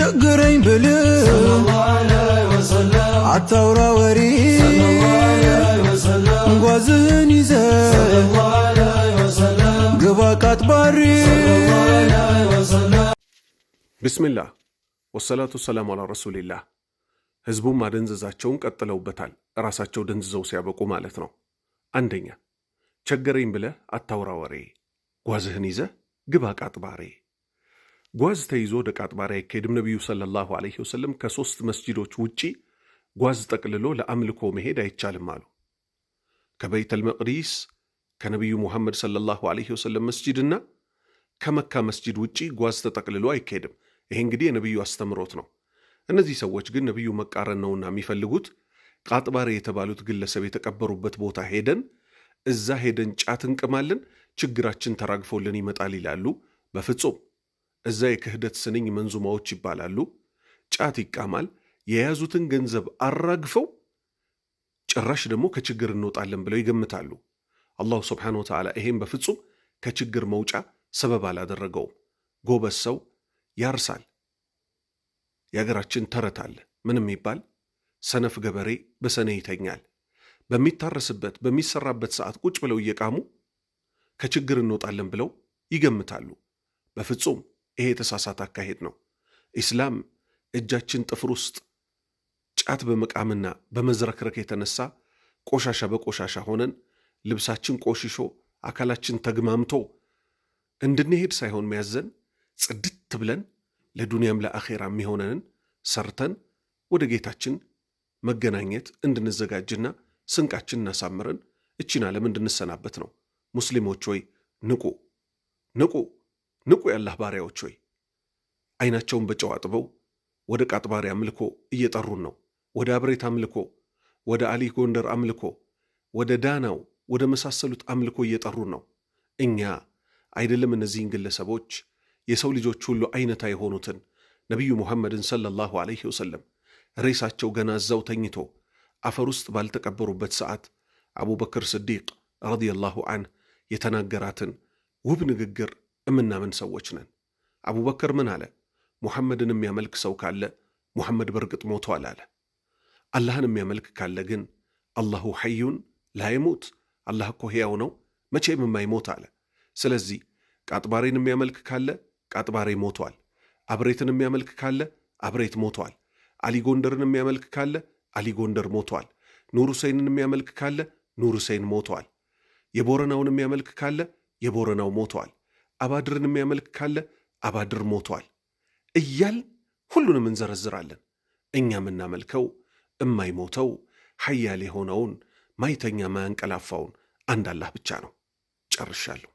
ቸግረኝ ብል አታውራ ወሬ እንጓዝህን ይዘ ግባ ቃት ብስሚላህ ወሰላቱ ሰላም አላ ረሱሊላህ። ህዝቡም ማደንዘዛቸውን ቀጥለውበታል። ራሳቸው ደንዝዘው ሲያበቁ ማለት ነው። አንደኛ ቸገረኝ ብለህ አታውራ ወሬ ጓዝህን ይዘህ ግባ ቃጥባሬ ጓዝ ተይዞ ወደ ቃጥባሪያ አይካሄድም። ነቢዩ ሰለላሁ ዐለይሂ ወሰለም ከሶስት መስጂዶች ውጪ ጓዝ ጠቅልሎ ለአምልኮ መሄድ አይቻልም አሉ። ከበይተል መቅዲስ ከነቢዩ ሙሐመድ ሰለላሁ ዐለይሂ ወሰለም መስጂድና ከመካ መስጂድ ውጪ ጓዝ ተጠቅልሎ አይካሄድም። ይሄ እንግዲህ የነቢዩ አስተምሮት ነው። እነዚህ ሰዎች ግን ነቢዩ መቃረን ነውና የሚፈልጉት ቃጥባሬ የተባሉት ግለሰብ የተቀበሩበት ቦታ ሄደን እዛ ሄደን ጫት እንቅማለን፣ ችግራችን ተራግፎልን ይመጣል ይላሉ። በፍጹም እዛ የክህደት ስንኝ መንዙማዎች ይባላሉ። ጫት ይቃማል። የያዙትን ገንዘብ አራግፈው ጭራሽ ደግሞ ከችግር እንወጣለን ብለው ይገምታሉ። አላሁ ስብሓነሁ ወተዓላ ይሄም በፍጹም ከችግር መውጫ ሰበብ አላደረገውም። ጎበዝ ሰው ያርሳል። የአገራችን ተረት አለ። ምን የሚባል ሰነፍ ገበሬ በሰኔ ይተኛል። በሚታረስበት በሚሰራበት ሰዓት ቁጭ ብለው እየቃሙ ከችግር እንወጣለን ብለው ይገምታሉ። በፍጹም ይሄ የተሳሳተ አካሄድ ነው። ኢስላም እጃችን ጥፍር ውስጥ ጫት በመቃምና በመዝረክረክ የተነሳ ቆሻሻ በቆሻሻ ሆነን ልብሳችን ቆሽሾ አካላችን ተግማምቶ እንድንሄድ ሳይሆን መያዘን ጽድት ብለን ለዱንያም ለአኼራ የሚሆነንን ሰርተን ወደ ጌታችን መገናኘት እንድንዘጋጅና ስንቃችን እናሳምረን እቺን ዓለም እንድንሰናበት ነው። ሙስሊሞች ሆይ ንቁ ንቁ! ንቁ ያላህ ባሪያዎች ሆይ አይናቸውን በጨው አጥበው ወደ ቃጥባሪ አምልኮ እየጠሩን ነው። ወደ አብሬት አምልኮ፣ ወደ አሊ ጎንደር አምልኮ፣ ወደ ዳናው ወደ መሳሰሉት አምልኮ እየጠሩን ነው። እኛ አይደለም እነዚህን ግለሰቦች የሰው ልጆች ሁሉ አይነታ የሆኑትን ነቢዩ ሙሐመድን ሰለላሁ ዐለይሂ ወሰለም ሬሳቸው ገና እዛው ተኝቶ አፈር ውስጥ ባልተቀበሩበት ሰዓት አቡበክር ስዲቅ ረዲየላሁ አንህ የተናገራትን ውብ ንግግር የምናምን ሰዎች ነን። አቡበከር ምን አለ? ሙሐመድን የሚያመልክ ሰው ካለ ሙሐመድ በርግጥ ሞቷል አለ። አላህን የሚያመልክ ካለ ግን አላሁ ሐዩን ላይሙት አላህ እኮ ሕያው ነው መቼም የማይሞት አለ። ስለዚህ ቃጥባሬን የሚያመልክ ካለ ቃጥባሬ ሞቷል፣ አብሬትን የሚያመልክ ካለ አብሬት ሞቷል፣ አሊ ጎንደርን የሚያመልክ ካለ አሊ ጎንደር ሞቷል፣ ኑር ሁሴይንን የሚያመልክ ካለ ኑር ሁሴይን ሞቷል፣ የቦረናውን የሚያመልክ ካለ የቦረናው ሞቷል። አባድርን የሚያመልክ ካለ አባድር ሞቷል እያል ሁሉንም እንዘረዝራለን። እኛ የምናመልከው እማይሞተው ሀያል የሆነውን ማይተኛ ማያንቀላፋውን አንድ አላህ ብቻ ነው። ጨርሻለሁ።